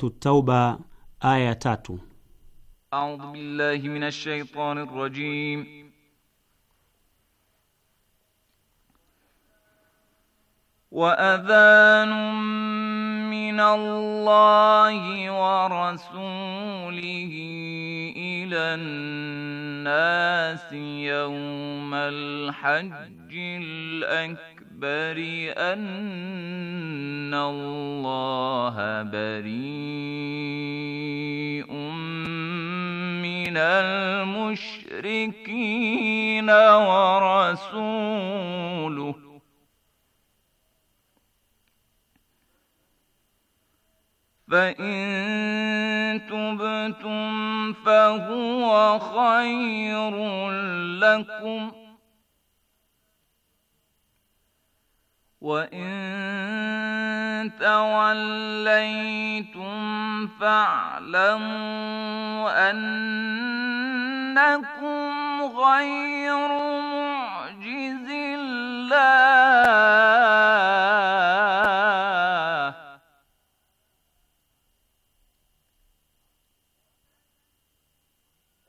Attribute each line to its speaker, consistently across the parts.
Speaker 1: سورة التوبة آية 3
Speaker 2: أعوذ بالله من الشيطان الرجيم المشركين ورسوله فإن تبتم فهو خير لكم وإن توليتم فاعلموا أن إنكم غير معجز الله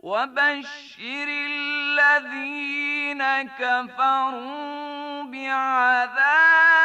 Speaker 2: وبشر الذين كفروا بعذاب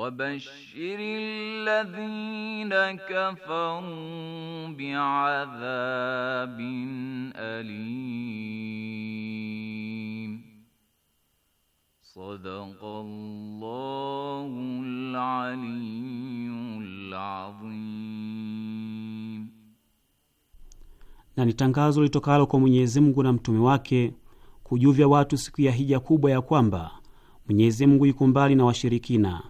Speaker 2: Wabashiri alladhina kafaru bi'adhabin alim. Sadaqallahul aliyyul adhim.
Speaker 1: Na ni tangazo litokalo kwa Mwenyezi Mungu na mtume wake kujuvya watu siku ya hija kubwa ya kwamba Mwenyezi Mungu yuko mbali na washirikina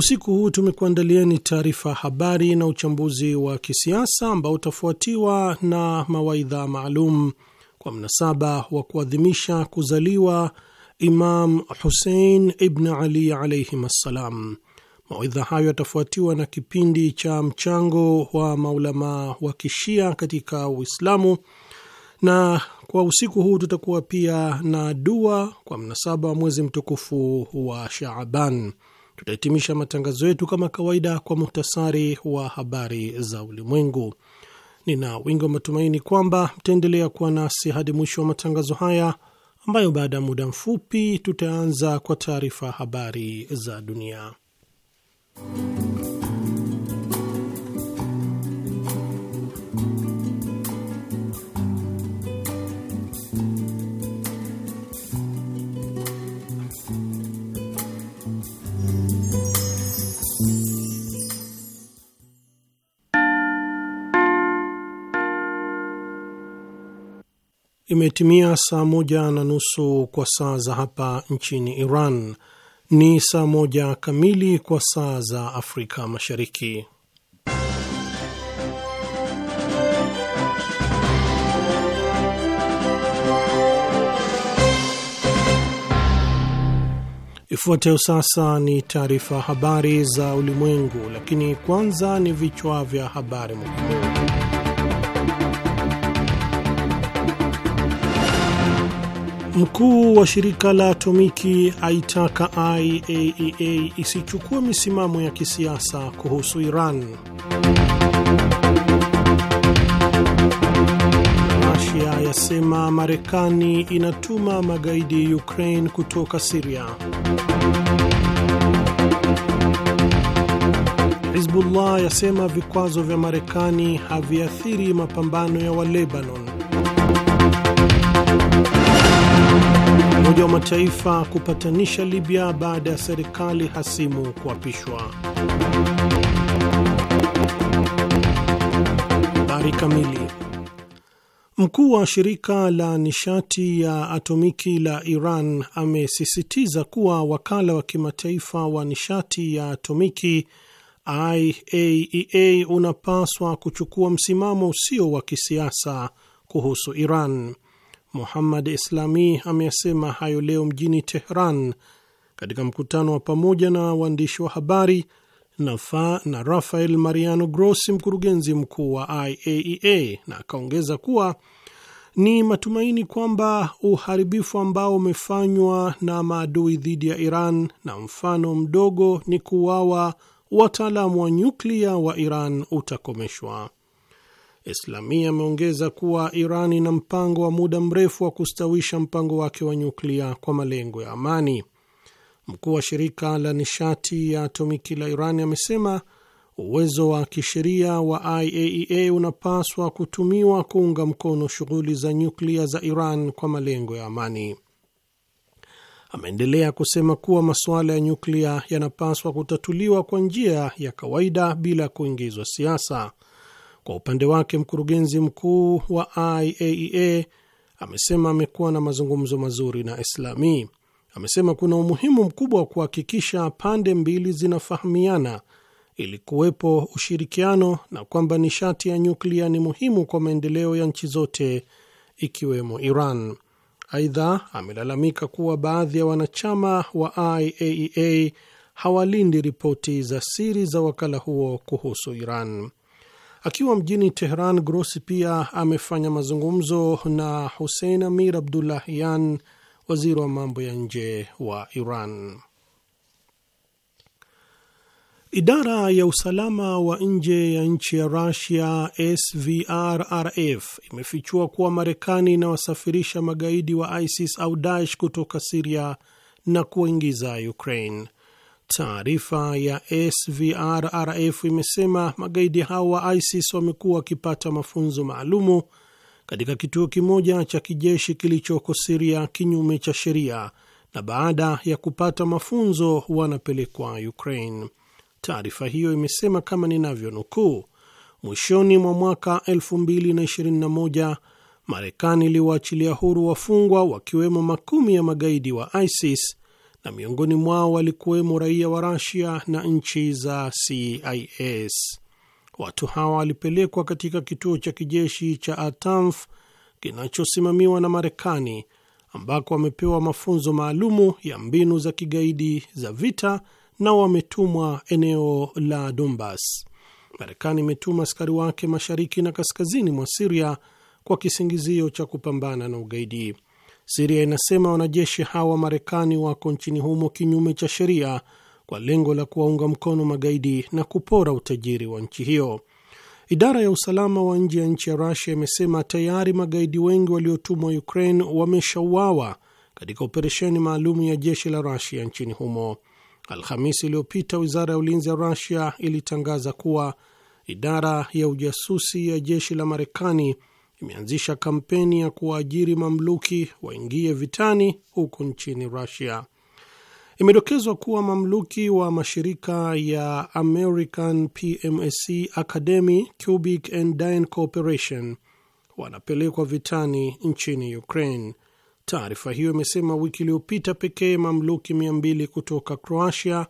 Speaker 3: Usiku huu tumekuandalieni taarifa habari na uchambuzi wa kisiasa ambao utafuatiwa na mawaidha maalum kwa mnasaba wa kuadhimisha kuzaliwa Imam Husein Ibn Ali alaihim assalam. Mawaidha hayo yatafuatiwa na kipindi cha mchango wa maulamaa wa kishia katika Uislamu, na kwa usiku huu tutakuwa pia na dua kwa mnasaba wa mwezi mtukufu wa Shaaban. Tutahitimisha matangazo yetu kama kawaida kwa muhtasari wa habari za ulimwengu. Nina wingi wa matumaini kwamba mtaendelea kuwa nasi hadi mwisho wa matangazo haya ambayo baada ya muda mfupi tutaanza kwa taarifa habari za dunia. Imetimia saa moja na nusu kwa saa za hapa nchini Iran, ni saa moja kamili kwa saa za Afrika Mashariki. Ifuatayo sasa ni taarifa habari za ulimwengu, lakini kwanza ni vichwa vya habari muhimu. Mkuu wa shirika la atomiki aitaka IAEA e isichukue misimamo ya kisiasa kuhusu Iran. Rusia yasema Marekani inatuma magaidi Ukraine kutoka Siria. Hizbullah yasema vikwazo vya Marekani haviathiri mapambano ya Walebanon. Umoja wa Mataifa kupatanisha Libya baada ya serikali hasimu kuapishwa. Habari kamili. Mkuu wa shirika la nishati ya atomiki la Iran amesisitiza kuwa wakala wa kimataifa wa nishati ya atomiki IAEA e unapaswa kuchukua msimamo usio wa kisiasa kuhusu Iran. Muhammad Islami ameyasema hayo leo mjini Tehran katika mkutano wa pamoja na waandishi wa habari Nafa na Rafael Mariano Grossi, mkurugenzi mkuu wa IAEA, e na akaongeza kuwa ni matumaini kwamba uharibifu ambao umefanywa na maadui dhidi ya Iran na mfano mdogo ni kuuawa wataalamu wa nyuklia wa Iran utakomeshwa. Islamia ameongeza kuwa Iran ina mpango wa muda mrefu wa kustawisha mpango wake wa nyuklia kwa malengo ya amani. Mkuu wa shirika la nishati ya atomiki la Iran amesema uwezo wa kisheria wa IAEA e unapaswa kutumiwa kuunga mkono shughuli za nyuklia za Iran kwa malengo ya amani. Ameendelea kusema kuwa masuala ya nyuklia yanapaswa kutatuliwa kwa njia ya kawaida bila kuingizwa siasa. Kwa upande wake mkurugenzi mkuu wa IAEA e amesema amekuwa na mazungumzo mazuri na Islami. Amesema kuna umuhimu mkubwa wa kuhakikisha pande mbili zinafahamiana ili kuwepo ushirikiano na kwamba nishati ya nyuklia ni muhimu kwa maendeleo ya nchi zote ikiwemo Iran. Aidha, amelalamika kuwa baadhi ya wanachama wa IAEA e hawalindi ripoti za siri za wakala huo kuhusu Iran. Akiwa mjini Tehran, Grossi pia amefanya mazungumzo na Hussein Amir Abdullahian, waziri wa mambo ya nje wa Iran. Idara ya usalama wa nje ya nchi ya rusia SVRRF imefichua kuwa Marekani inawasafirisha magaidi wa ISIS au Daesh kutoka Siria na kuingiza Ukraine. Taarifa ya SVRRF imesema magaidi hao wa ISIS wamekuwa wakipata mafunzo maalumu katika kituo kimoja cha kijeshi kilichoko Siria kinyume cha sheria, na baada ya kupata mafunzo wanapelekwa Ukraine. Taarifa hiyo imesema kama ninavyonukuu, mwishoni mwa mwaka 2021 Marekani iliwaachilia huru wafungwa wakiwemo makumi ya magaidi wa ISIS na miongoni mwao walikuwemo raia wa Rasia na nchi za CIS. Watu hawa walipelekwa katika kituo cha kijeshi cha Atanf kinachosimamiwa na Marekani, ambako wamepewa mafunzo maalumu ya mbinu za kigaidi za vita na wametumwa eneo la Donbas. Marekani imetuma askari wake mashariki na kaskazini mwa Siria kwa kisingizio cha kupambana na ugaidi. Siria inasema wanajeshi hawa wa Marekani wako nchini humo kinyume cha sheria kwa lengo la kuwaunga mkono magaidi na kupora utajiri wa nchi hiyo. Idara ya usalama wa nje ya nchi ya Rusia imesema tayari magaidi wengi waliotumwa Ukraine wameshauawa katika operesheni maalum ya jeshi la Rusia nchini humo. Alhamisi iliyopita wizara ya ulinzi ya Rusia ilitangaza kuwa idara ya ujasusi ya jeshi la Marekani imeanzisha kampeni ya kuwaajiri mamluki waingie vitani huko nchini rusia Imedokezwa kuwa mamluki wa mashirika ya American PMSC Academy, Cubic and Dyn Corporation wanapelekwa vitani nchini Ukraine. Taarifa hiyo imesema wiki iliyopita pekee mamluki 200 kutoka Croatia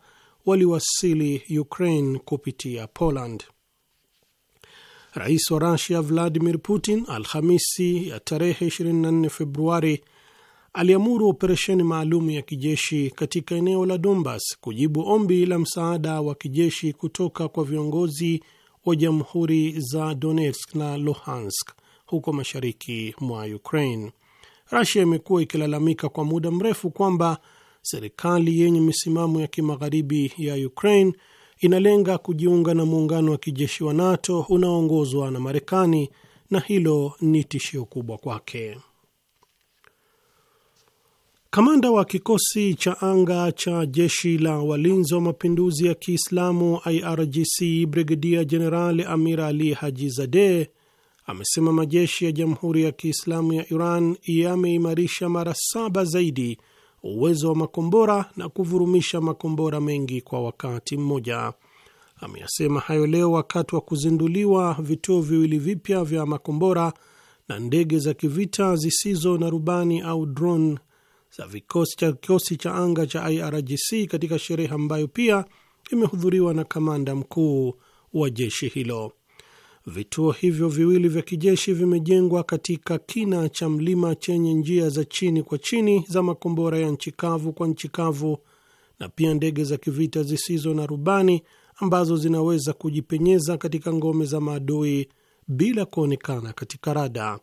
Speaker 3: waliwasili Ukraine kupitia Poland. Rais wa Rusia Vladimir Putin Alhamisi ya tarehe 24 Februari aliamuru operesheni maalum ya kijeshi katika eneo la Donbas kujibu ombi la msaada wa kijeshi kutoka kwa viongozi wa jamhuri za Donetsk na Luhansk huko mashariki mwa Ukraine. Rusia imekuwa ikilalamika kwa muda mrefu kwamba serikali yenye misimamo ya kimagharibi ya Ukraine inalenga kujiunga na muungano wa kijeshi wa NATO unaoongozwa na Marekani, na hilo ni tishio kubwa kwake. Kamanda wa kikosi cha anga cha jeshi la walinzi wa mapinduzi ya Kiislamu IRGC Brigedia Jenerali Amir Ali Haji zade amesema majeshi ya Jamhuri ya Kiislamu ya Iran yameimarisha mara saba zaidi uwezo wa makombora na kuvurumisha makombora mengi kwa wakati mmoja. Ameyasema hayo leo wakati wa kuzinduliwa vituo viwili vipya vya makombora na ndege za kivita zisizo na rubani au drone za kikosi cha anga cha IRGC katika sherehe ambayo pia imehudhuriwa na kamanda mkuu wa jeshi hilo. Vituo hivyo viwili vya kijeshi vimejengwa katika kina cha mlima chenye njia za chini kwa chini za makombora ya nchi kavu kwa nchi kavu na pia ndege za kivita zisizo na rubani ambazo zinaweza kujipenyeza katika ngome za maadui bila kuonekana katika rada.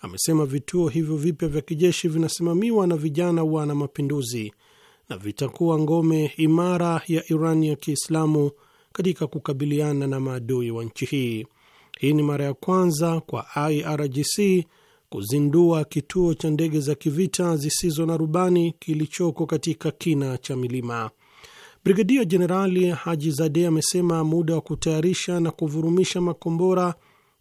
Speaker 3: Amesema vituo hivyo vipya vya kijeshi vinasimamiwa na vijana wana mapinduzi na vitakuwa ngome imara ya Iran ya Kiislamu katika kukabiliana na maadui wa nchi hii. Hii ni mara ya kwanza kwa IRGC kuzindua kituo cha ndege za kivita zisizo na rubani kilichoko katika kina cha milima. Brigadia Jenerali Haji Zade amesema muda wa kutayarisha na kuvurumisha makombora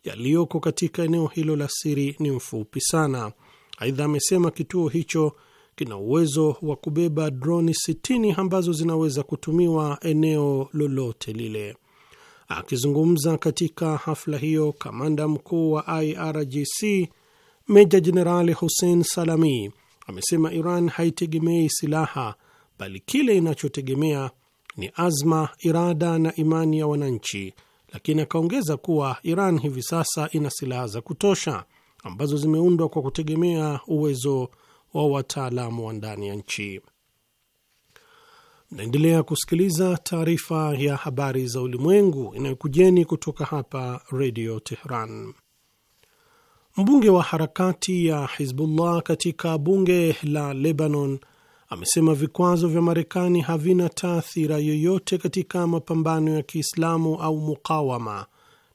Speaker 3: yaliyoko katika eneo hilo la siri ni mfupi sana. Aidha, amesema kituo hicho kina uwezo wa kubeba droni 60 ambazo zinaweza kutumiwa eneo lolote lile. Akizungumza katika hafla hiyo, kamanda mkuu wa IRGC meja jenerali Hussein Salami amesema Iran haitegemei silaha, bali kile inachotegemea ni azma, irada na imani ya wananchi, lakini akaongeza kuwa Iran hivi sasa ina silaha za kutosha ambazo zimeundwa kwa kutegemea uwezo wa wataalamu wa ndani ya nchi naendelea kusikiliza taarifa ya habari za ulimwengu inayokujeni kutoka hapa Redio Tehran. Mbunge wa harakati ya Hizbullah katika bunge la Lebanon amesema vikwazo vya Marekani havina taathira yoyote katika mapambano ya Kiislamu au mukawama,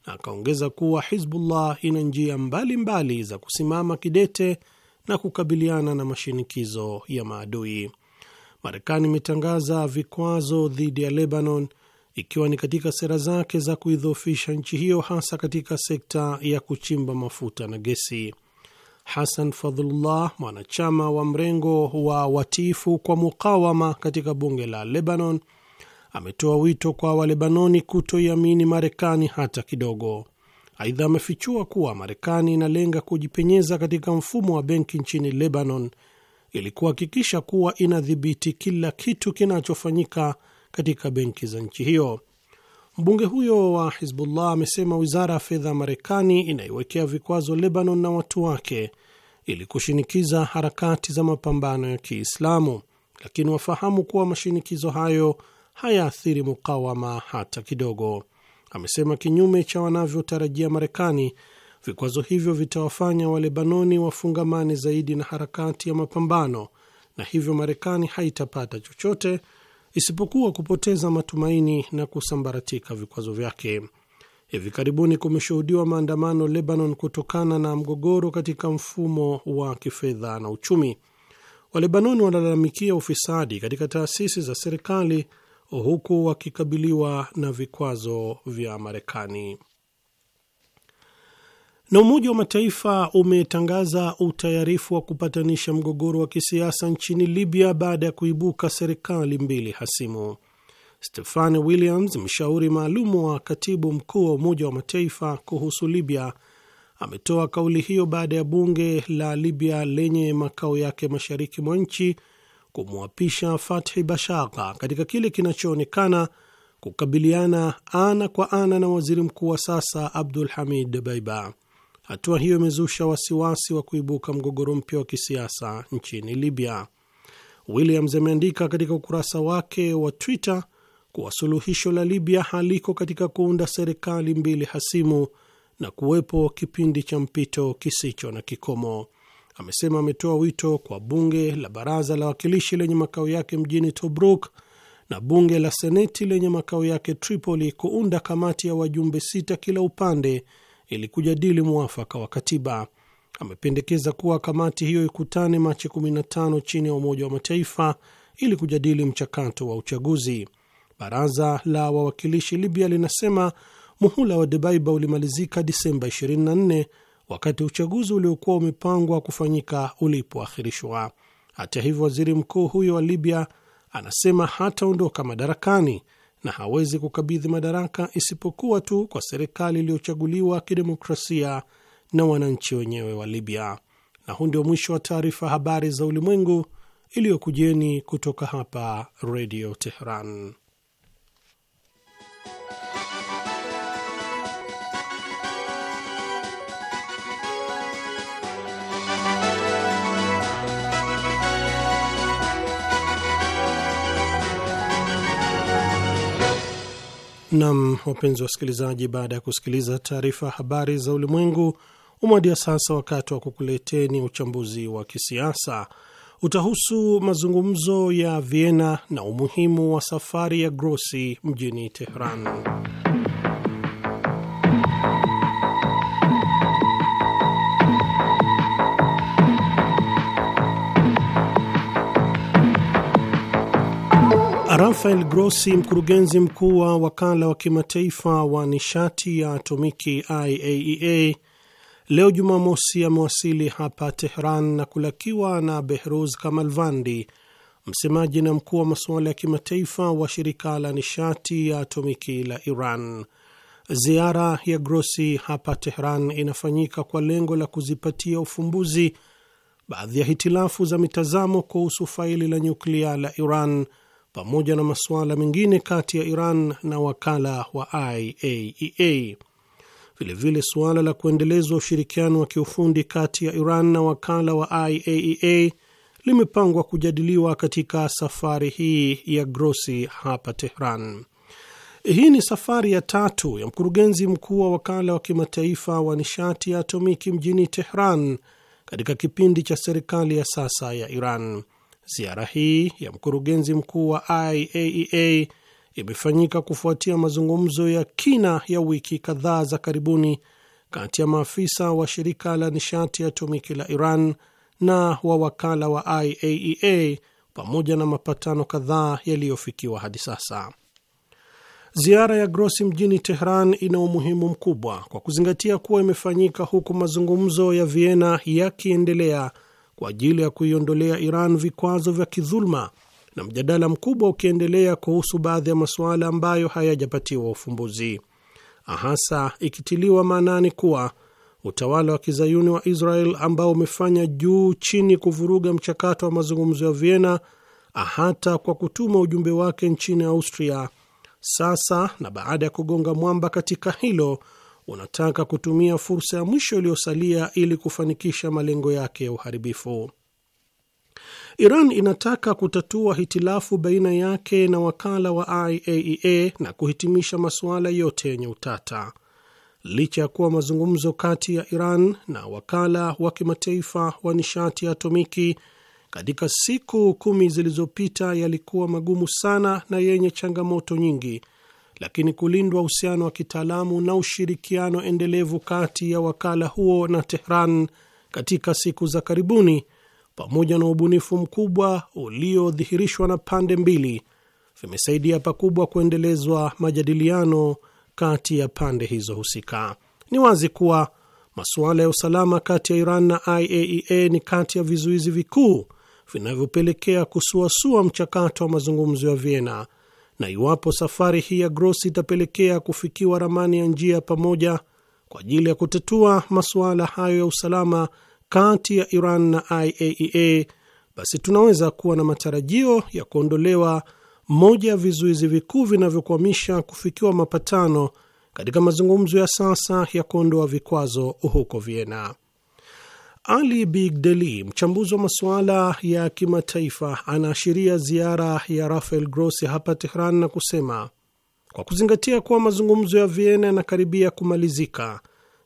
Speaker 3: na akaongeza kuwa Hizbullah ina njia mbalimbali za kusimama kidete na kukabiliana na mashinikizo ya maadui. Marekani imetangaza vikwazo dhidi ya Lebanon ikiwa ni katika sera zake za kuidhoofisha nchi hiyo hasa katika sekta ya kuchimba mafuta na gesi. Hasan Fadhlullah, mwanachama wa mrengo wa watiifu kwa mukawama katika bunge la Lebanon, ametoa wito kwa Walebanoni kutoiamini Marekani hata kidogo. Aidha, amefichua kuwa Marekani inalenga kujipenyeza katika mfumo wa benki nchini Lebanon ili kuhakikisha kuwa inadhibiti kila kitu kinachofanyika katika benki za nchi hiyo. Mbunge huyo wa Hizbullah amesema wizara ya fedha ya Marekani inaiwekea vikwazo Lebanon na watu wake ili kushinikiza harakati za mapambano ya Kiislamu, lakini wafahamu kuwa mashinikizo hayo hayaathiri mukawama hata kidogo. Amesema kinyume cha wanavyotarajia Marekani Vikwazo hivyo vitawafanya Walebanoni wafungamane zaidi na harakati ya mapambano, na hivyo Marekani haitapata chochote isipokuwa kupoteza matumaini na kusambaratika vikwazo vyake. Hivi karibuni kumeshuhudiwa maandamano Lebanon kutokana na mgogoro katika mfumo wa kifedha na uchumi. Walebanoni wanalalamikia ufisadi katika taasisi za serikali huku wakikabiliwa na vikwazo vya Marekani. Na Umoja wa Mataifa umetangaza utayarifu wa kupatanisha mgogoro wa kisiasa nchini Libya baada ya kuibuka serikali mbili hasimu. Stefani Williams, mshauri maalum wa katibu mkuu wa Umoja wa Mataifa kuhusu Libya, ametoa kauli hiyo baada ya bunge la Libya lenye makao yake mashariki mwa nchi kumwapisha Fathi Bashagha katika kile kinachoonekana kukabiliana ana kwa ana na waziri mkuu wa sasa Abdul Hamid baiba Hatua hiyo imezusha wasiwasi wa kuibuka mgogoro mpya wa kisiasa nchini Libya. Williams ameandika katika ukurasa wake wa Twitter kuwa suluhisho la Libya haliko katika kuunda serikali mbili hasimu na kuwepo kipindi cha mpito kisicho na kikomo. Amesema ametoa wito kwa bunge la baraza la wakilishi lenye makao yake mjini Tobruk na bunge la seneti lenye makao yake Tripoli kuunda kamati ya wajumbe sita kila upande ili kujadili mwafaka wa katiba. Amependekeza kuwa kamati hiyo ikutane Machi 15 chini ya Umoja wa Mataifa ili kujadili mchakato wa uchaguzi. Baraza la Wawakilishi Libya linasema muhula wa Debaiba ulimalizika Disemba 24 wakati uchaguzi uliokuwa umepangwa kufanyika ulipoahirishwa. Hata hivyo, waziri mkuu huyo wa Libya anasema hataondoka madarakani na hawezi kukabidhi madaraka isipokuwa tu kwa serikali iliyochaguliwa kidemokrasia na wananchi wenyewe wa Libya. Na huu ndio mwisho wa taarifa habari za ulimwengu iliyokujeni kutoka hapa Redio Teheran. Nam, wapenzi wa wasikilizaji, baada ya kusikiliza taarifa habari za ulimwengu, umewadia sasa wakati wa kukuleteni uchambuzi wa kisiasa. Utahusu mazungumzo ya Vienna na umuhimu wa safari ya Grossi mjini Teheran. Rafael Grossi, mkurugenzi mkuu wa wakala wa kimataifa wa nishati ya atomiki IAEA, e leo Jumamosi amewasili hapa Tehran na kulakiwa na Behruz Kamalvandi, msemaji na mkuu wa masuala ya kimataifa wa shirika la nishati ya atomiki la Iran. Ziara ya Grossi hapa Tehran inafanyika kwa lengo la kuzipatia ufumbuzi baadhi ya hitilafu za mitazamo kuhusu faili la nyuklia la Iran pamoja na masuala mengine kati ya Iran na wakala wa IAEA. Vilevile, suala la kuendelezwa ushirikiano wa kiufundi kati ya Iran na wakala wa IAEA e limepangwa kujadiliwa katika safari hii ya Grossi hapa Tehran. Hii ni safari ya tatu ya mkurugenzi mkuu wa wakala wa kimataifa wa nishati ya atomiki mjini Tehran katika kipindi cha serikali ya sasa ya Iran. Ziara hii ya mkurugenzi mkuu wa IAEA e imefanyika kufuatia mazungumzo ya kina ya wiki kadhaa za karibuni kati ya maafisa wa shirika la nishati ya atomiki la Iran na wa wakala wa IAEA e pamoja na mapatano kadhaa yaliyofikiwa hadi sasa. Ziara ya Grossi mjini Tehran ina umuhimu mkubwa kwa kuzingatia kuwa imefanyika huku mazungumzo ya Vienna yakiendelea kwa ajili ya kuiondolea Iran vikwazo vya kidhuluma na mjadala mkubwa ukiendelea kuhusu baadhi ya masuala ambayo hayajapatiwa ufumbuzi, hasa ikitiliwa maanani kuwa utawala wa kizayuni wa Israel ambao umefanya juu chini kuvuruga mchakato wa mazungumzo ya Vienna hata kwa kutuma ujumbe wake nchini Austria. Sasa na baada ya kugonga mwamba katika hilo, unataka kutumia fursa ya mwisho iliyosalia ili kufanikisha malengo yake ya uharibifu. Iran inataka kutatua hitilafu baina yake na wakala wa IAEA e na kuhitimisha masuala yote yenye utata. Licha ya kuwa mazungumzo kati ya Iran na wakala wa kimataifa wa nishati ya atomiki katika siku kumi zilizopita yalikuwa magumu sana na yenye changamoto nyingi, lakini kulindwa uhusiano wa kitaalamu na ushirikiano endelevu kati ya wakala huo na Tehran katika siku za karibuni, pamoja na ubunifu mkubwa uliodhihirishwa na pande mbili, vimesaidia pakubwa kuendelezwa majadiliano kati ya pande hizo husika. Ni wazi kuwa masuala ya usalama kati ya Iran na IAEA e ni kati ya vizuizi vikuu vinavyopelekea kusuasua mchakato wa mazungumzo ya Vienna na iwapo safari hii ya Gross itapelekea kufikiwa ramani ya njia pamoja kwa ajili ya kutatua masuala hayo ya usalama kati ya Iran na IAEA, e basi tunaweza kuwa na matarajio ya kuondolewa moja ya vizuizi vikuu vinavyokwamisha kufikiwa mapatano katika mazungumzo ya sasa ya kuondoa vikwazo huko Vienna. Ali Bigdeli, mchambuzi wa masuala ya kimataifa, anaashiria ziara ya Rafael Grossi hapa Tehran na kusema kwa kuzingatia kuwa mazungumzo ya Vienna yanakaribia kumalizika,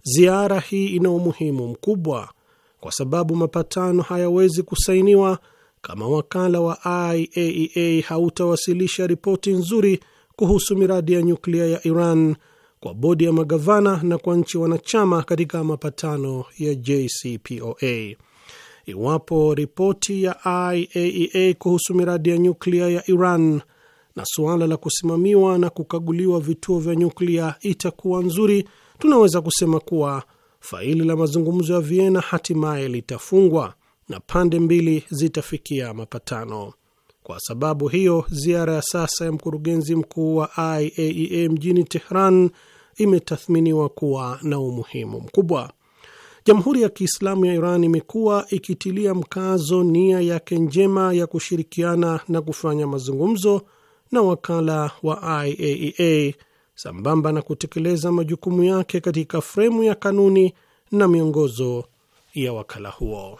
Speaker 3: ziara hii ina umuhimu mkubwa kwa sababu mapatano hayawezi kusainiwa kama wakala wa IAEA e hautawasilisha ripoti nzuri kuhusu miradi ya nyuklia ya Iran kwa bodi ya magavana na kwa nchi wanachama katika mapatano ya JCPOA. Iwapo ripoti ya IAEA e kuhusu miradi ya nyuklia ya Iran na suala la kusimamiwa na kukaguliwa vituo vya nyuklia itakuwa nzuri, tunaweza kusema kuwa faili la mazungumzo ya Vienna hatimaye litafungwa na pande mbili zitafikia mapatano. Kwa sababu hiyo, ziara ya sasa ya mkurugenzi mkuu wa IAEA e mjini Tehran imetathminiwa kuwa na umuhimu mkubwa. Jamhuri ya Kiislamu ya Iran imekuwa ikitilia mkazo nia yake njema ya kushirikiana na kufanya mazungumzo na wakala wa IAEA e sambamba na kutekeleza majukumu yake katika fremu ya kanuni na miongozo ya wakala huo.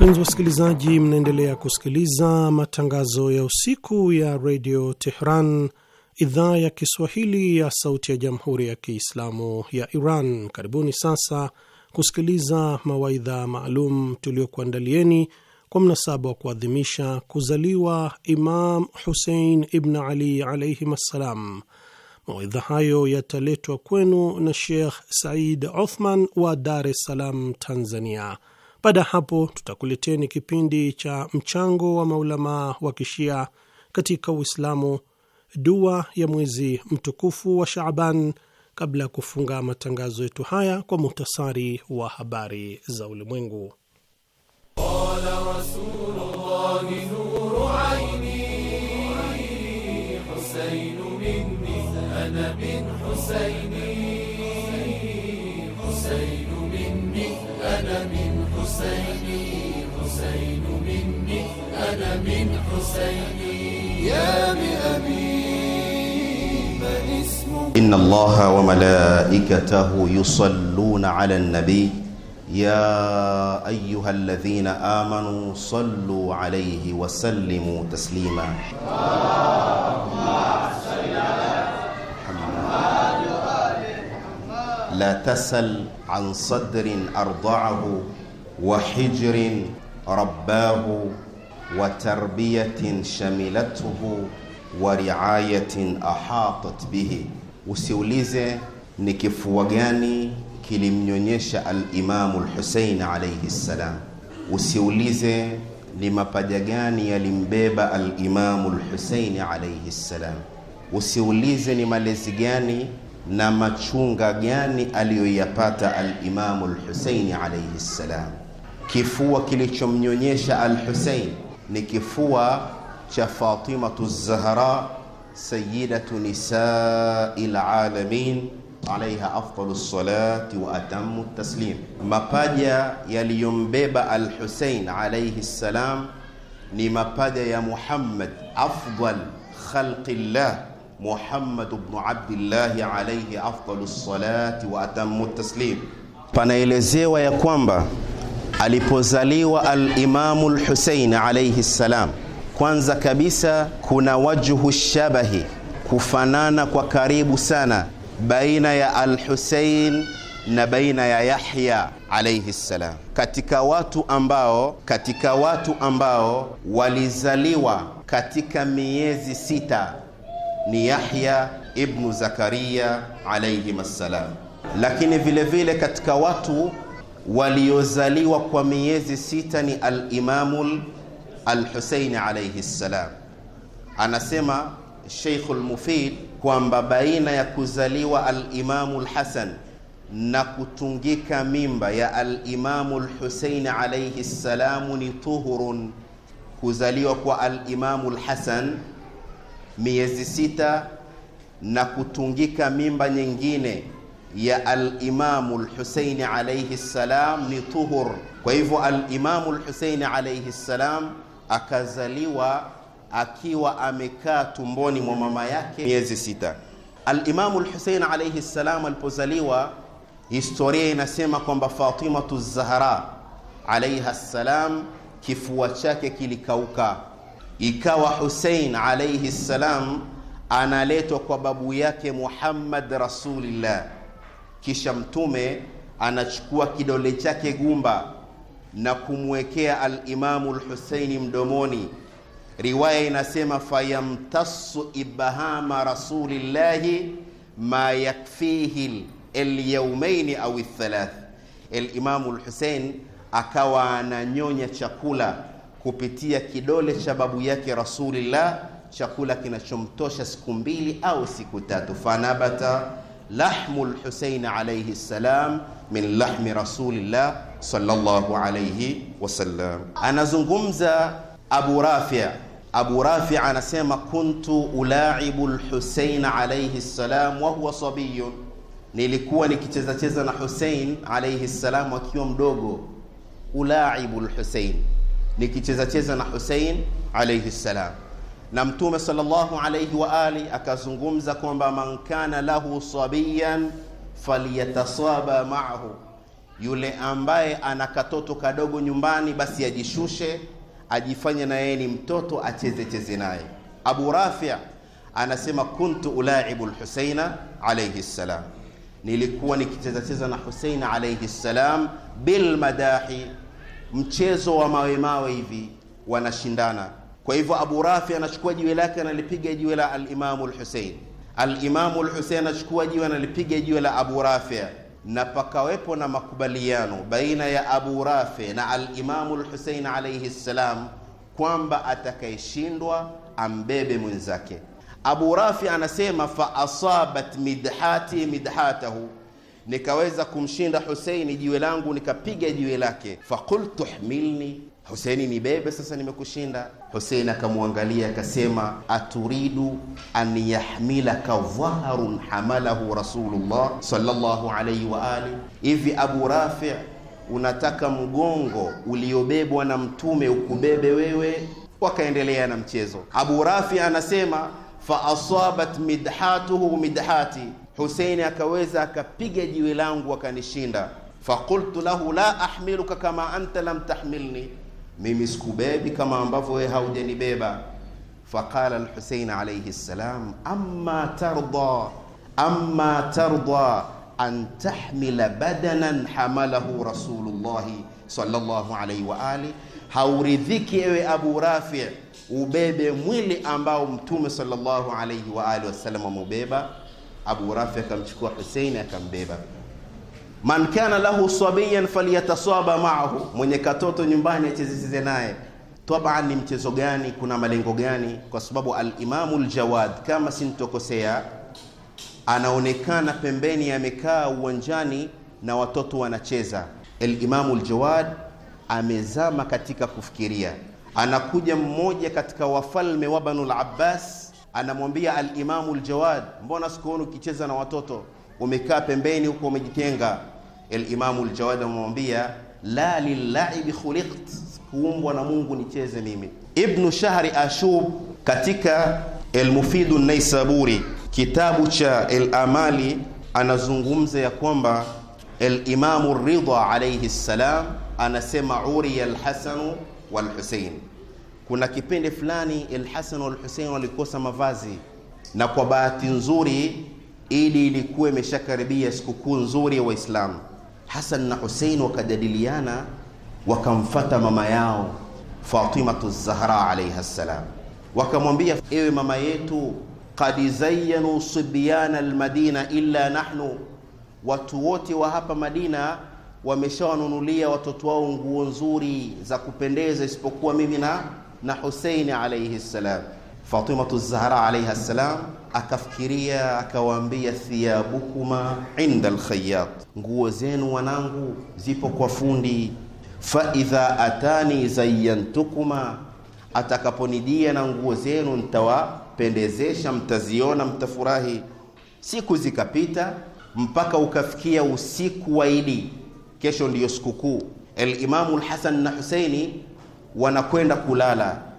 Speaker 3: Wapenzi wasikilizaji, mnaendelea kusikiliza matangazo ya usiku ya redio Tehran, idhaa ya Kiswahili ya sauti ya jamhuri ya Kiislamu ya Iran. Karibuni sasa kusikiliza mawaidha maalum tuliokuandalieni kwa mnasaba wa kuadhimisha kuzaliwa Imam Husein Ibn Ali alaihim assalam. Mawaidha hayo yataletwa kwenu na Sheikh Said Othman wa Dar es Salaam, Tanzania. Baada ya hapo, tutakuleteni kipindi cha mchango wa maulamaa wa kishia katika Uislamu, dua ya mwezi mtukufu wa Shaaban, kabla ya kufunga matangazo yetu haya kwa muhtasari wa habari za ulimwengu.
Speaker 4: حسيني حسين مني أنا من حسيني يا بأبي إن الله
Speaker 5: وملائكته يصلون على النبي يا أيها الذين آمنوا صلوا عليه وسلموا تسليما لا تسل عن صدر أرضعه wa hijrin rabbahu wa tarbiyatin shamilathu wa riayatin ahatat bihi, usiulize ni kifua gani kilimnyonyesha alimamu lhusein alayhi salam Usiulize ni mapaja gani yalimbeba alimamu lhusein alayhi salam Usiulize ni malezi gani na machunga gani aliyoyapata alimamu lhuseini alaihi salam. Kifua kilichomnyonyesha Al-Husein ni kifua cha Fatimatu Zahra sayyidatu nisail alamin alaiha afdalu salati wa atamu taslim. Mapaja yaliyombeba Al-Husein alaihi salam ni mapaja ya Muhammad afdal khalqillah Muhammad ibn Abdillah alayhi afdalu salati wa atamu taslim. Panaelezewa ya kwamba alipozaliwa alimamu lhusein alaihi ssalam. Kwanza kabisa kuna wajhu shabahi, kufanana kwa karibu sana baina ya alhusein na baina ya Yahya alaihi ssalam, katika watu ambao katika watu ambao walizaliwa katika miezi sita ni Yahya ibnu Zakariya alaihim ssalam, lakini vilevile vile katika watu waliozaliwa kwa miezi sita ni alimamu Alhuseini alaihi ssalam. Anasema Sheikhu Lmufid kwamba baina ya kuzaliwa alimamu Lhasan na kutungika mimba ya alimamu Lhuseini alaihi ssalamu ni tuhurun, kuzaliwa kwa alimamu Lhasan miezi sita na kutungika mimba nyingine ya Alimamu Lhuseini alaihi ssalam ni tuhur. Kwa hivyo Alimamu Lhuseini alaihi ssalam akazaliwa akiwa amekaa tumboni mwa mama yake miezi sita. Alimamu Lhusein alaihi ssalam alipozaliwa, historia inasema kwamba Fatimatu Zahra alaiha ssalam kifua chake kilikauka, ikawa Husein alaihi ssalam analetwa kwa babu yake Muhammad Rasulillah kisha Mtume anachukua kidole chake gumba na kumwekea Alimamu Lhuseini mdomoni. Riwaya inasema fayamtasu ibhama rasulillahi ma yakfihi lyaumaini au lthalath Alimamu Lhusein akawa ananyonya chakula kupitia kidole cha babu yake Rasulillah, chakula kinachomtosha siku mbili au siku tatu. fanabata لحم الحسين عليه السلام من لحم رسول الله صلى الله عليه وسلم أنا زنقمزة أبو رافع أبو رافع أنا سيما كنت ألاعب الحسين عليه السلام وهو صبي نيلكوا نكتزا تزنا حسين عليه السلام وكيوم دوغو ألاعب الحسين نكتزا تزنا حسين عليه السلام na Mtume sallallahu alayhi wa ali akazungumza kwamba man kana lahu sabiyan falyatasaba maahu, yule ambaye ana katoto kadogo nyumbani, basi ajishushe ajifanye na yeye ni mtoto, acheze cheze naye. Abu Rafi anasema kuntu ulaibu lhuseina alayhi salam, nilikuwa nikicheza cheza na Huseina alayhi salam bilmadahi, mchezo wa mawe mawe hivi wanashindana kwa hivyo Abu Rafi anachukua jiwe lake analipiga jiwe la alimamu Lhusein, alimamu Lhusein anachukua jiwe analipiga jiwe la Abu Rafi, na pakawepo na makubaliano baina ya Abu Rafi na alimamu Lhusein alaihi ssalam kwamba atakayeshindwa ambebe mwenzake. Abu Rafi anasema fa asabat midhati midhatahu, nikaweza kumshinda Huseini jiwe langu nikapiga jiwe lake. Faqultu hmilni Huseini nibebe sasa, nimekushinda. Huseini akamwangalia akasema, aturidu an yahmilaka dhahrun hamalahu Rasulullah sallallahu alayhi wa ali, hivi Abu Rafi, unataka mgongo uliobebwa na Mtume ukubebe wewe? Wakaendelea na mchezo. Abu Rafi anasema fa asabat midhatuhu midhati, Huseini akaweza akapiga jiwe langu akanishinda. fakultu lahu la ahmiluka kama anta lam tahmilni mimi sikubebi kama ambavyo wewe haujanibeba. Faqala al-Husayn alayhi salam, amma tarda amma tarda an tahmila badanan hamalahu Rasulullah sallallahu alayhi wa ali, hauridhiki ewe Abu Rafi ubebe mwili ambao Mtume sallallahu alayhi wa alihi wasallam ameubeba. Abu Rafi akamchukua Husayn akambeba man kana lahu sabiyan falyatasaba maahu, mwenye katoto nyumbani achezeze naye. Taban ni mchezo gani? Kuna malengo gani? Kwa sababu Alimamu jawad kama sintokosea, anaonekana pembeni, amekaa uwanjani na watoto wanacheza. Alimamu Ljawad amezama katika kufikiria. Anakuja mmoja katika wafalme wa al Abbas, anamwambia Alimamu Ljawad, mbona sikuoni ukicheza na watoto? Umekaa pembeni huko, umejitenga. Al-Imamu al-Jawad amemwambia la lilla'ibi khuliqt, kuumbwa na Mungu nicheze mimi. Ibnu Shahri Ashub katika al an-Naisaburi kitabu cha al-Amali anazungumza ya kwamba al-Imamu Ridha alayhi salam anasema uriya al-Hasanu wal-Husain, kuna kipindi fulani al-Hasan wal-Husain walikosa mavazi, na kwa bahati nzuri ili ilikuwa imeshakaribia sikukuu nzuri ya Waislamu Hasan na Husein wakajadiliana, wakamfata mama yao Fatimatu Zahra alayha salam, wakamwambia ewe mama yetu, qad zayanu sibyana almadina illa nahnu, watu wote wa hapa Madina wameshawanunulia watoto wao nguo nzuri za kupendeza isipokuwa mimi na na Husein alayhi salam. Fatimatu Zahra alayha salam akafikiria akawaambia, thiyabukuma inda alkhayyat, nguo zenu wanangu zipo kwa fundi. Fa idha atani zayyantukuma, atakaponijia na nguo zenu nitawapendezesha, mtaziona, mtafurahi. Siku zikapita mpaka ukafikia usiku wa Idi, kesho ndiyo sikukuu. Alimamu Alhasan na Husaini wanakwenda kulala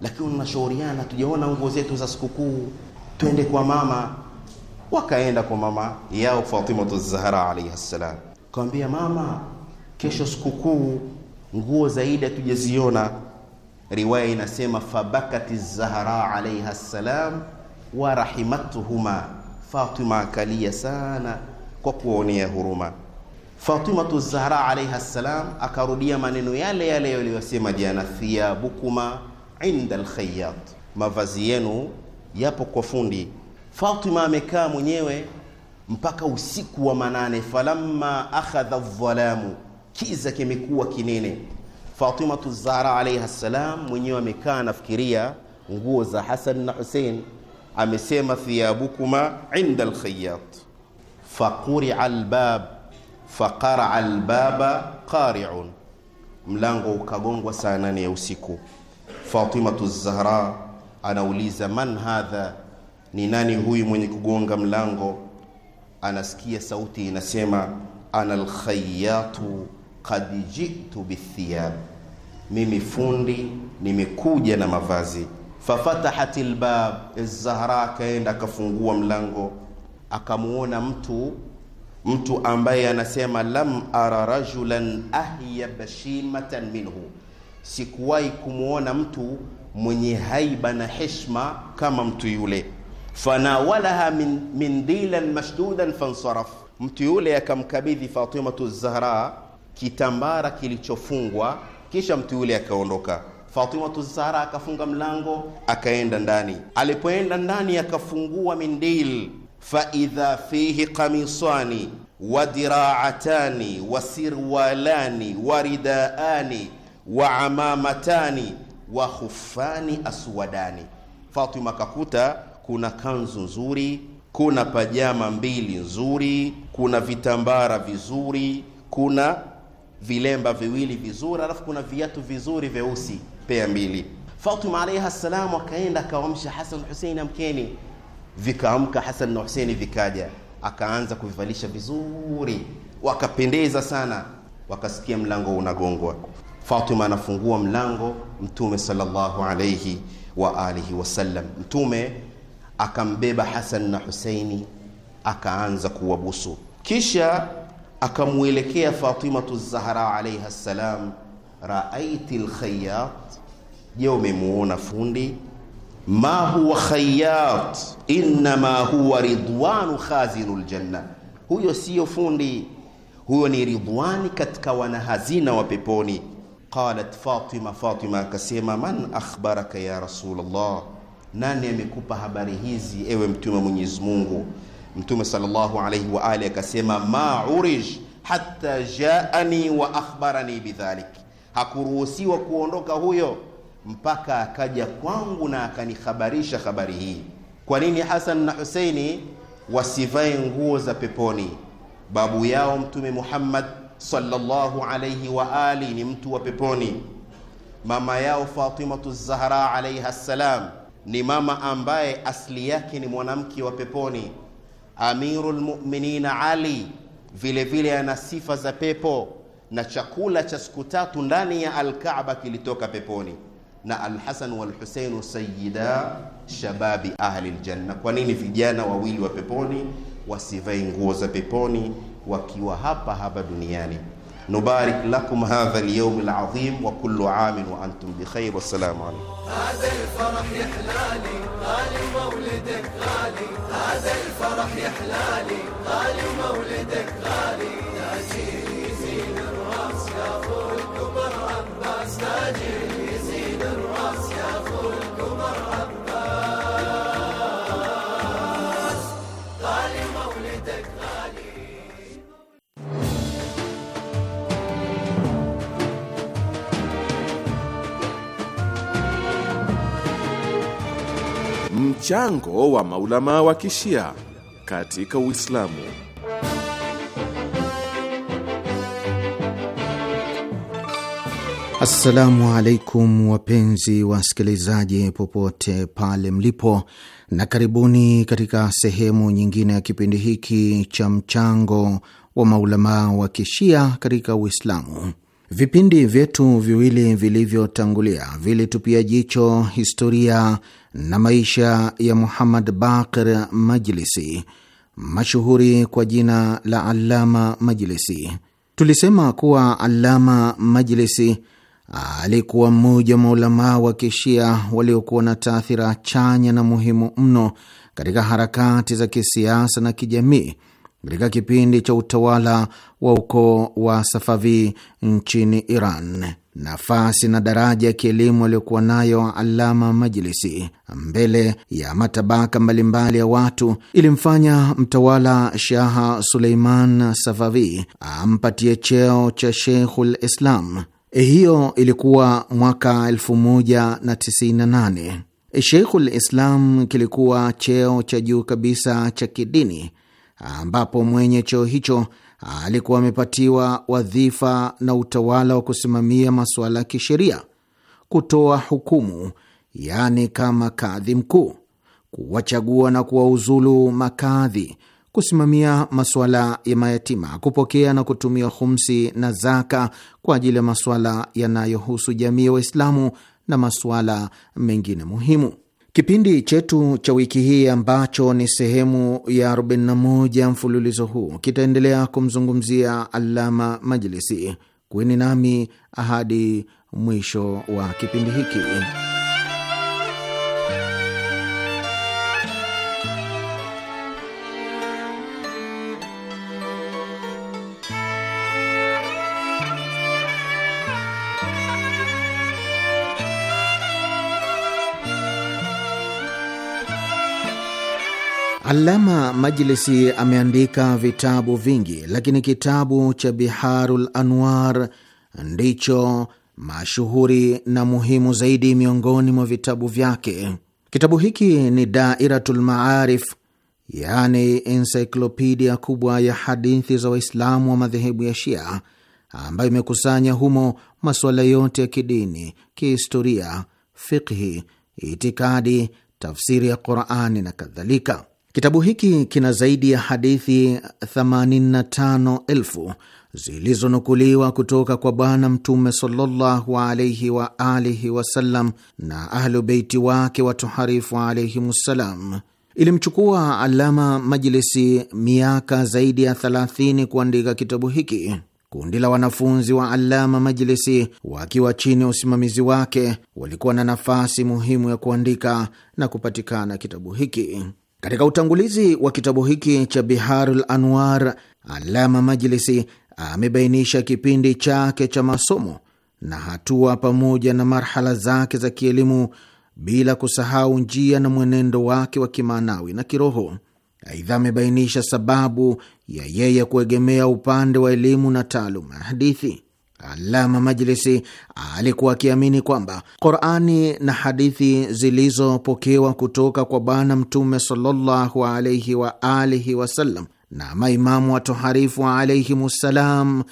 Speaker 5: lakini unashauriana, tujaona nguo zetu za sikukuu, twende kwa mama. Wakaenda kwa mama yao Fatimatu Zahra alayha salam, kawambia mama, kesho sikukuu, nguo zaidi hatujaziona. Riwaya inasema fabakati Zahra alayha salam wa rahimatuhuma, Fatima akalia sana kwa kuonea huruma. Fatimatu Zahra alayha salam akarudia maneno yale yale yaliyosema jana, thiyabukuma inda alkhayyat, mavazi yenu yapo kwa fundi. Fatima amekaa mwenyewe mpaka usiku wa manane. Falamma akhadha dhalamu, kiza kimekuwa kinene. Fatimatu Zahra alayha salam mwenyewe amekaa anafikiria nguo za Hasan na Husein, amesema thiyabukuma inda alkhayyat faquria albab faqaraa albaba qari'un, mlango ukagongwa saa nane ya usiku. Fatimatu Zahra anauliza man hadha, ni nani huyu mwenye kugonga mlango? Anasikia sauti inasema ana alkhayyatu qad jitu bithiyab, mimi fundi nimekuja na mavazi. Fafatahat lbab Zahra akaenda akafungua mlango, akamuona mtu mtu ambaye anasema lam ara rajulan ahya bashimatan minhu sikuwahi kumwona mtu mwenye haiba na heshma kama mtu yule. Fanawalaha min, min dilan mashdudan fansaraf, mtu yule akamkabidhi Fatimatu Zahra kitambara kilichofungwa, kisha mtu yule akaondoka. Fatimatu Zahra akafunga mlango akaenda ndani. Alipoenda ndani akafungua mindil, faidha fihi qamisani wa diraatani wa sirwalani wa ridaani wa amamatani wa khufani aswadani. Fatima kakuta kuna kanzu nzuri, kuna pajama mbili nzuri, kuna vitambara vizuri, kuna vilemba viwili vizuri, alafu kuna viatu vizuri vyeusi pea mbili. Fatima alayha salamu akaenda akawamsha Hasan Husein, amkeni. Vikaamka Hasan na Huseini, vikaja akaanza kuvivalisha vizuri, wakapendeza sana, wakasikia mlango unagongwa. Fatima anafungua mlango, Mtume sallallahu alayhi wa alihi wasallam. Mtume akambeba Hasan na Husaini akaanza kuwabusu, kisha akamwelekea Fatimatu Zahra alayha salam, raaiti lkhayat, je, umemuona fundi? ma huwa khayat innama huwa ridwanu khazinu ljanna, huyo siyo fundi, huyo ni Ridwani katika wanahazina wa peponi qalat Fatima. Fatima akasema man akhbaraka ya Rasulullah, nani amekupa habari hizi ewe mtume wa Mwenyezi Mungu? Mtume sallallahu alayhi wa alihi akasema ma urij hatta jaani wa akhbarani bidhalik, hakuruhusiwa kuondoka huyo mpaka akaja kwangu na akanihabarisha habari hii. Kwa nini Hasan na Huseini wasivae nguo za peponi? Babu yao Mtume Muhammad sallallahu alayhi wa ali ni mtu wa peponi. Mama yao Fatimatu Zahra alayha salam ni mama ambaye asili yake ni mwanamke wa peponi. Amirul Mu'minin Ali vile vile ana sifa za pepo, na chakula cha siku tatu ndani ya Al-Kaaba kilitoka peponi, na Al-Hasan wal Husain sayyida shababi ahli aljanna. Kwa nini vijana wawili wa peponi wasivai nguo za peponi? wakiwa hapa hapa duniani نبارك لكم هذا اليوم العظيم وكل عام وأنتم بخير والسلام عليكم هذا الفرح يحلالي غالي مولدك
Speaker 4: غالي هذا الفرح يحلالي غالي مولدك غالي ناجي يزين الراس يا أبو الكبر عباس ناجي
Speaker 5: mchango wa maulama wa kishia katika Uislamu.
Speaker 1: Assalamu alaikum wapenzi wasikilizaji, popote pale mlipo, na karibuni katika sehemu nyingine ya kipindi hiki cha mchango wa maulamaa wa kishia katika Uislamu. Vipindi vyetu viwili vilivyotangulia vilitupia jicho historia na maisha ya Muhammad Baqir Majlisi, mashuhuri kwa jina la Allama Majlisi. Tulisema kuwa Allama Majlisi alikuwa mmoja wa maulamaa wa kishia waliokuwa na taathira chanya na muhimu mno katika harakati za kisiasa na kijamii katika kipindi cha utawala wa ukoo wa Safavi nchini Iran nafasi na daraja ya kielimu aliyokuwa nayo Alama Majlisi mbele ya matabaka mbalimbali ya watu ilimfanya mtawala Shaha Suleiman Safavi ampatie cheo cha Sheikhul Islam. Eh, hiyo ilikuwa mwaka 1098. Eh, Sheikhul Islam kilikuwa cheo cha juu kabisa cha kidini, ambapo mwenye cheo hicho alikuwa amepatiwa wadhifa na utawala wa kusimamia masuala ya kisheria, kutoa hukumu, yaani kama kadhi mkuu, kuwachagua na kuwauzulu makadhi, kusimamia masuala ya mayatima, kupokea na kutumia khumsi na zaka kwa ajili ya masuala yanayohusu jamii ya Waislamu na masuala mengine muhimu. Kipindi chetu cha wiki hii ambacho ni sehemu ya 41 mfululizo huu kitaendelea kumzungumzia Alama Majlisi. Kuweni nami ahadi mwisho wa kipindi hiki. Alama Majlisi ameandika vitabu vingi, lakini kitabu cha Biharul Anwar ndicho mashuhuri na muhimu zaidi miongoni mwa vitabu vyake. Kitabu hiki ni Dairatul Maarif, yaani ensiklopedia kubwa ya hadithi za Waislamu wa madhehebu ya Shia, ambayo imekusanya humo masuala yote ya kidini, kihistoria, fikhi, itikadi, tafsiri ya Qurani na kadhalika. Kitabu hiki kina zaidi ya hadithi 85,000 zilizonukuliwa kutoka kwa Bwana Mtume sallallahu alaihi wa alihi wasallam na Ahlu Beiti wake watoharifu alaihimussalam. Ilimchukua Alama Majlisi miaka zaidi ya 30 kuandika kitabu hiki. Kundi la wanafunzi wa Alama Majlisi wakiwa chini ya usimamizi wake walikuwa na nafasi muhimu ya kuandika na kupatikana kitabu hiki. Katika utangulizi wa kitabu hiki cha Biharul Anwar, Alama Majlisi amebainisha kipindi chake cha masomo na hatua pamoja na marhala zake za kielimu bila kusahau njia na mwenendo wake wa kimaanawi na kiroho. Aidha, amebainisha sababu ya yeye kuegemea upande wa elimu na taaluma ya hadithi. Alama Majlisi alikuwa akiamini kwamba Qurani na hadithi zilizopokewa kutoka kwa Bwana Mtume sallallahu alaihi wa alihi wasallam na maimamu watoharifu alaihimussalam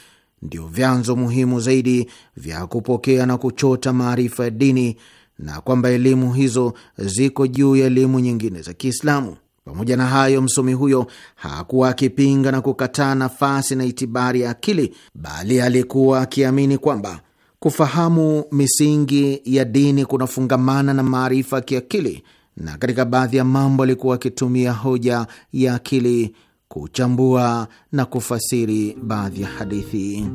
Speaker 1: ndio vyanzo muhimu zaidi vya kupokea na kuchota maarifa ya dini na kwamba elimu hizo ziko juu ya elimu nyingine za Kiislamu. Pamoja na hayo, msomi huyo hakuwa akipinga na kukataa nafasi na itibari ya akili, bali alikuwa akiamini kwamba kufahamu misingi ya dini kunafungamana na maarifa ya kiakili, na katika baadhi ya mambo alikuwa akitumia hoja ya akili kuchambua na kufasiri baadhi ya hadithi.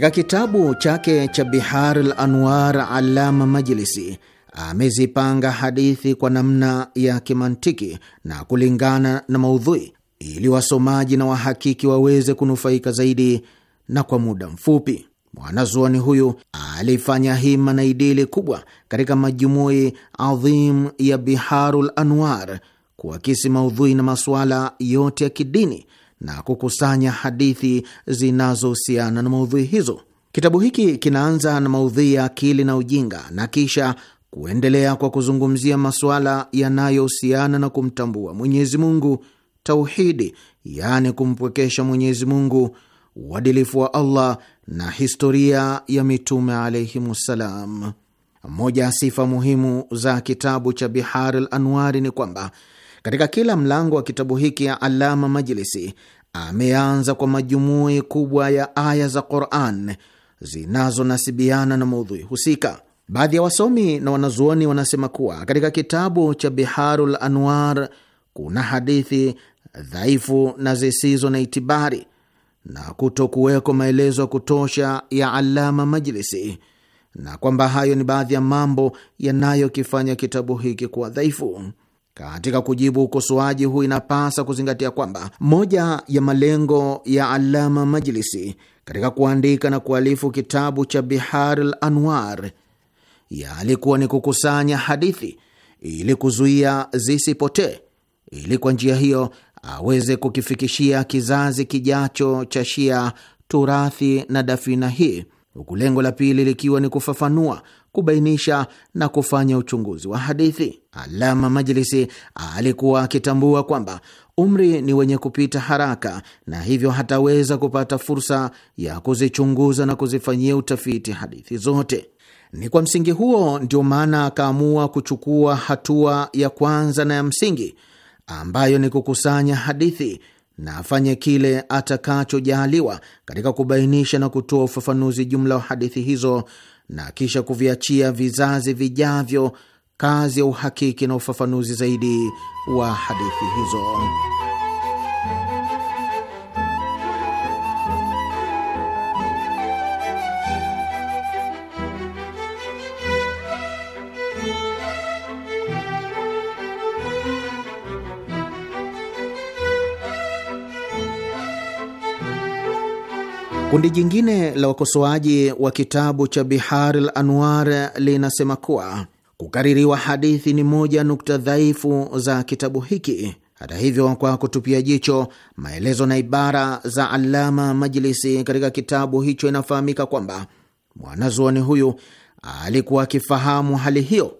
Speaker 1: Katika kitabu chake cha Bihar lanwar Anwar, Alama Majlisi amezipanga hadithi kwa namna ya kimantiki na kulingana na maudhui ili wasomaji na wahakiki waweze kunufaika zaidi na kwa muda mfupi. Mwanazuoni huyu alifanya hima na idili kubwa katika majumui adhim ya Biharul Anwar kuakisi maudhui na masuala yote ya kidini na kukusanya hadithi zinazohusiana na maudhui hizo. Kitabu hiki kinaanza na maudhui ya akili na ujinga na kisha kuendelea kwa kuzungumzia masuala yanayohusiana na kumtambua Mwenyezi Mungu, tauhidi, yaani kumpwekesha Mwenyezi Mungu, uadilifu wa Allah na historia ya mitume alaihimussalam. Moja ya sifa muhimu za kitabu cha Bihar al Anwari ni kwamba katika kila mlango wa kitabu hiki ya Alama Majlisi ameanza kwa majumui kubwa ya aya za Quran zinazonasibiana na maudhui husika. Baadhi ya wasomi na wanazuoni wanasema kuwa katika kitabu cha Biharul Anwar kuna hadithi dhaifu na zisizo na itibari na kutokuweko maelezo ya kutosha ya Alama Majlisi, na kwamba hayo ni baadhi ya mambo yanayokifanya kitabu hiki kuwa dhaifu. Katika kujibu ukosoaji huu, inapasa kuzingatia kwamba moja ya malengo ya Alama Majlisi katika kuandika na kualifu kitabu cha Bihar al Anwar yalikuwa ni kukusanya hadithi ili kuzuia zisipotee, ili kwa njia hiyo aweze kukifikishia kizazi kijacho cha Shia turathi na dafina hii, huku lengo la pili likiwa ni kufafanua kubainisha na kufanya uchunguzi wa hadithi. Alama Majlisi alikuwa akitambua kwamba umri ni wenye kupita haraka na hivyo hataweza kupata fursa ya kuzichunguza na kuzifanyia utafiti hadithi zote. Ni kwa msingi huo ndio maana akaamua kuchukua hatua ya kwanza na ya msingi ambayo ni kukusanya hadithi na afanye kile atakachojaaliwa katika kubainisha na kutoa ufafanuzi jumla wa hadithi hizo na kisha kuviachia vizazi vijavyo kazi ya uhakiki na ufafanuzi zaidi wa hadithi hizo. Kundi jingine la wakosoaji wa kitabu cha Bihar al Anwar linasema kuwa kukaririwa hadithi ni moja nukta dhaifu za kitabu hiki. Hata hivyo, kwa kutupia jicho maelezo na ibara za Alama Majlisi katika kitabu hicho, inafahamika kwamba mwanazuoni huyu alikuwa akifahamu hali hiyo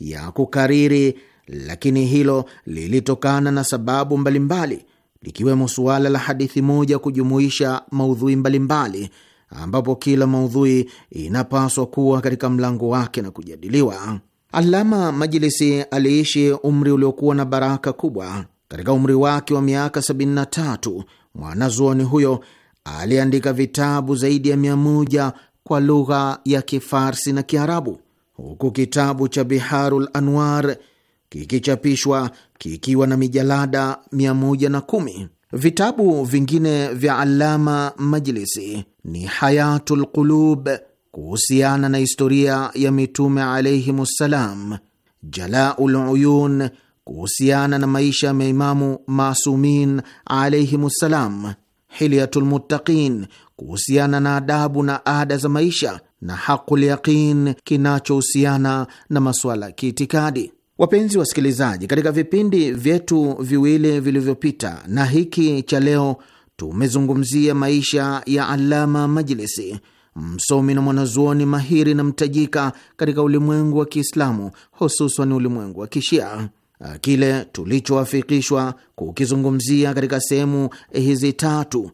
Speaker 1: ya kukariri, lakini hilo lilitokana na sababu mbalimbali likiwemo suala la hadithi moja kujumuisha maudhui mbalimbali, ambapo kila maudhui inapaswa kuwa katika mlango wake na kujadiliwa. Alama Majlisi aliishi umri uliokuwa na baraka kubwa. Katika umri wake wa miaka 73 mwanazuoni huyo aliandika vitabu zaidi ya mia moja kwa lugha ya Kifarsi na Kiarabu, huku kitabu cha Biharul Anwar kikichapishwa kikiwa na mijalada 110. Vitabu vingine vya Alama Majlisi ni hayatu lqulub kuhusiana na historia ya mitume ssalam, Jalau luyun kuhusiana na maisha ya maimamu masumin ssalam hilyatu lmuttaqin kuhusiana na adabu na ada za maisha, na haqu lyaqin kinachohusiana na masuala ya kiitikadi. Wapenzi wasikilizaji, katika vipindi vyetu viwili vilivyopita na hiki cha leo tumezungumzia maisha ya Alama Majlisi, msomi na mwanazuoni mahiri na mtajika katika ulimwengu wa Kiislamu, hususan ulimwengu wa Kishia. Kile tulichoafikishwa kukizungumzia katika sehemu hizi tatu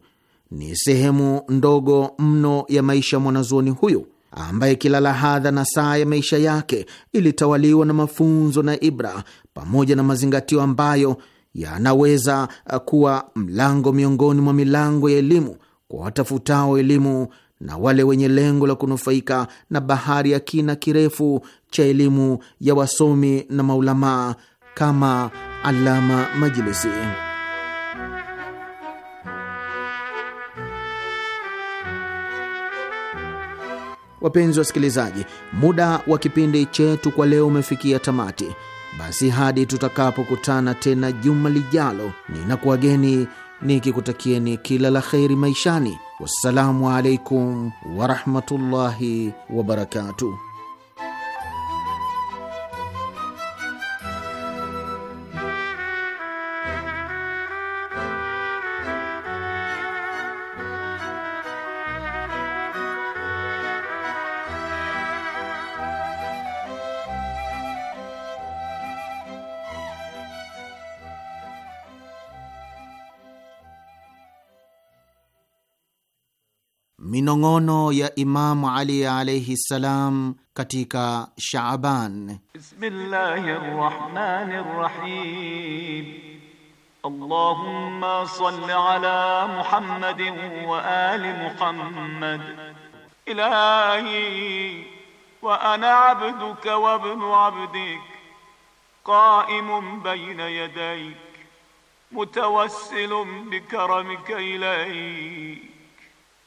Speaker 1: ni sehemu ndogo mno ya maisha ya mwanazuoni huyu ambaye kila lahadha na saa ya maisha yake ilitawaliwa na mafunzo na ibra pamoja na mazingatio ambayo yanaweza kuwa mlango miongoni mwa milango ya elimu kwa watafutao elimu na wale wenye lengo la kunufaika na bahari ya kina kirefu cha elimu ya wasomi na maulamaa kama Alama Majlisi. Wapenzi wasikilizaji, muda wa kipindi chetu kwa leo umefikia tamati. Basi hadi tutakapokutana tena juma lijalo, ninakuwageni nikikutakieni kila la kheri maishani. Wassalamu alaikum warahmatullahi wabarakatuh. minong'ono ya Imamu Ali alaihi ssalam katika Shaaban.
Speaker 6: Bismillahir Rahmanir Rahim. Allahumma salli ala Muhammadin wa ali Muhammad. Ilahi wa ana abduka wa ibnu abdik qaimun bayna yadayk mutawassilun bikaramika ilayk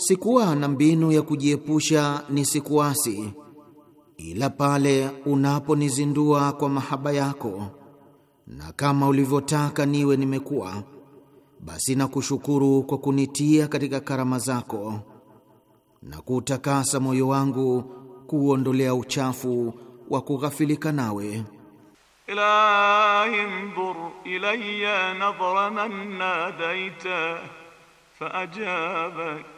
Speaker 1: sikuwa na mbinu ya kujiepusha nisikuasi, ila pale unaponizindua kwa mahaba yako, na kama ulivyotaka niwe nimekuwa, basi nakushukuru kwa kunitia katika karama zako na kuutakasa moyo wangu kuuondolea uchafu wa kughafilika nawe.
Speaker 6: Ilahi nzur ilayya nadhra man nadaita faajabak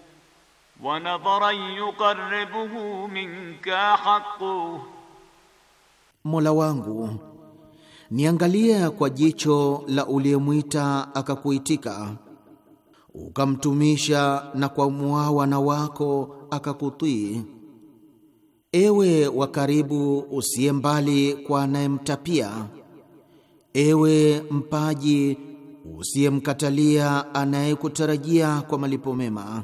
Speaker 6: ونظرا يقربه منك حقه
Speaker 1: Mola wangu niangalia kwa jicho la uliyemwita akakuitika, ukamtumisha na kwa muawana wako akakutii, ewe wa karibu usiye mbali kwa anayemtapia, ewe mpaji usiyemkatalia anayekutarajia kwa malipo mema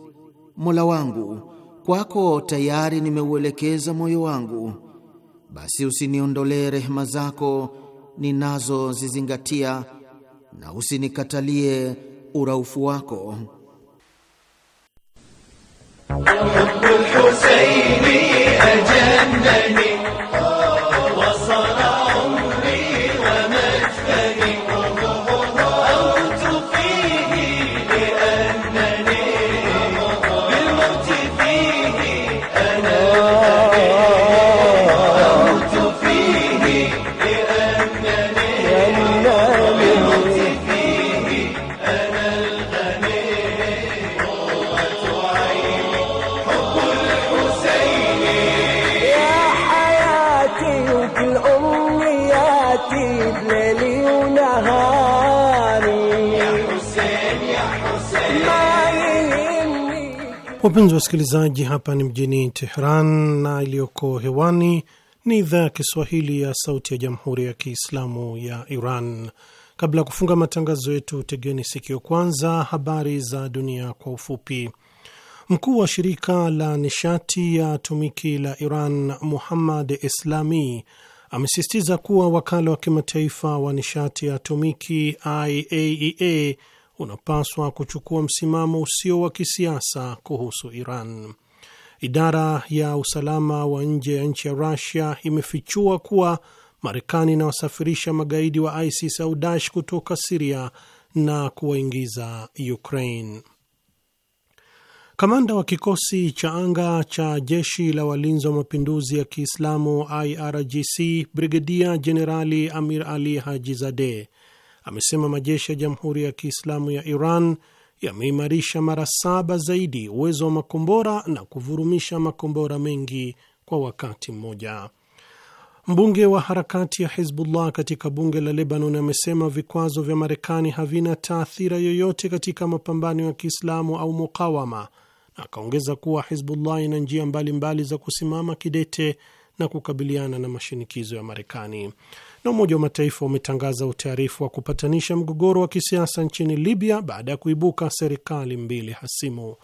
Speaker 1: Mola wangu, kwako tayari nimeuelekeza moyo wangu, basi usiniondolee rehema zako ninazozizingatia na usinikatalie uraufu wako.
Speaker 3: Wapenzi wasikilizaji, hapa ni mjini Teheran na iliyoko hewani ni idhaa ya Kiswahili ya Sauti ya Jamhuri ya Kiislamu ya Iran. Kabla ya kufunga matangazo yetu, tegeni sikio kwanza habari za dunia kwa ufupi. Mkuu wa shirika la nishati ya atomiki la Iran Muhammad Islami amesisitiza kuwa wakala wa kimataifa wa nishati ya atomiki IAEA e unapaswa kuchukua msimamo usio wa kisiasa kuhusu Iran. Idara ya usalama wa nje ya nchi ya Rusia imefichua kuwa Marekani inawasafirisha magaidi wa ISIS au Daesh kutoka Siria na kuwaingiza Ukraine. Kamanda wa kikosi cha anga cha jeshi la walinzi wa mapinduzi ya Kiislamu IRGC Brigedia Jenerali Amir Ali Haji zadeh amesema majeshi ya Jamhuri ya Kiislamu ya Iran yameimarisha mara saba zaidi uwezo wa makombora na kuvurumisha makombora mengi kwa wakati mmoja. Mbunge wa harakati ya Hizbullah katika bunge la Lebanon amesema vikwazo vya Marekani havina taathira yoyote katika mapambano ya Kiislamu au mukawama, na akaongeza kuwa Hizbullah ina njia mbalimbali za kusimama kidete na kukabiliana na mashinikizo ya Marekani na Umoja wa Mataifa umetangaza utaarifu wa kupatanisha mgogoro wa kisiasa nchini Libya baada ya kuibuka serikali mbili hasimu.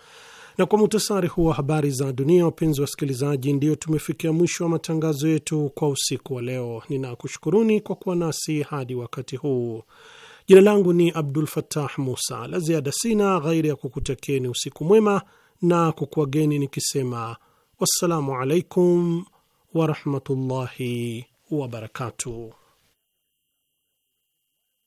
Speaker 3: Na kwa muhtasari huu wa habari za dunia, wapenzi wa wasikilizaji, ndio tumefikia mwisho wa matangazo yetu kwa usiku wa leo. Ninakushukuruni kwa kuwa nasi hadi wakati huu. Jina langu ni Abdul Fatah Musa. La ziada sina ghairi ya kukutakieni usiku mwema na kukuageni nikisema wassalamu alaikum warahmatullahi wabarakatuh.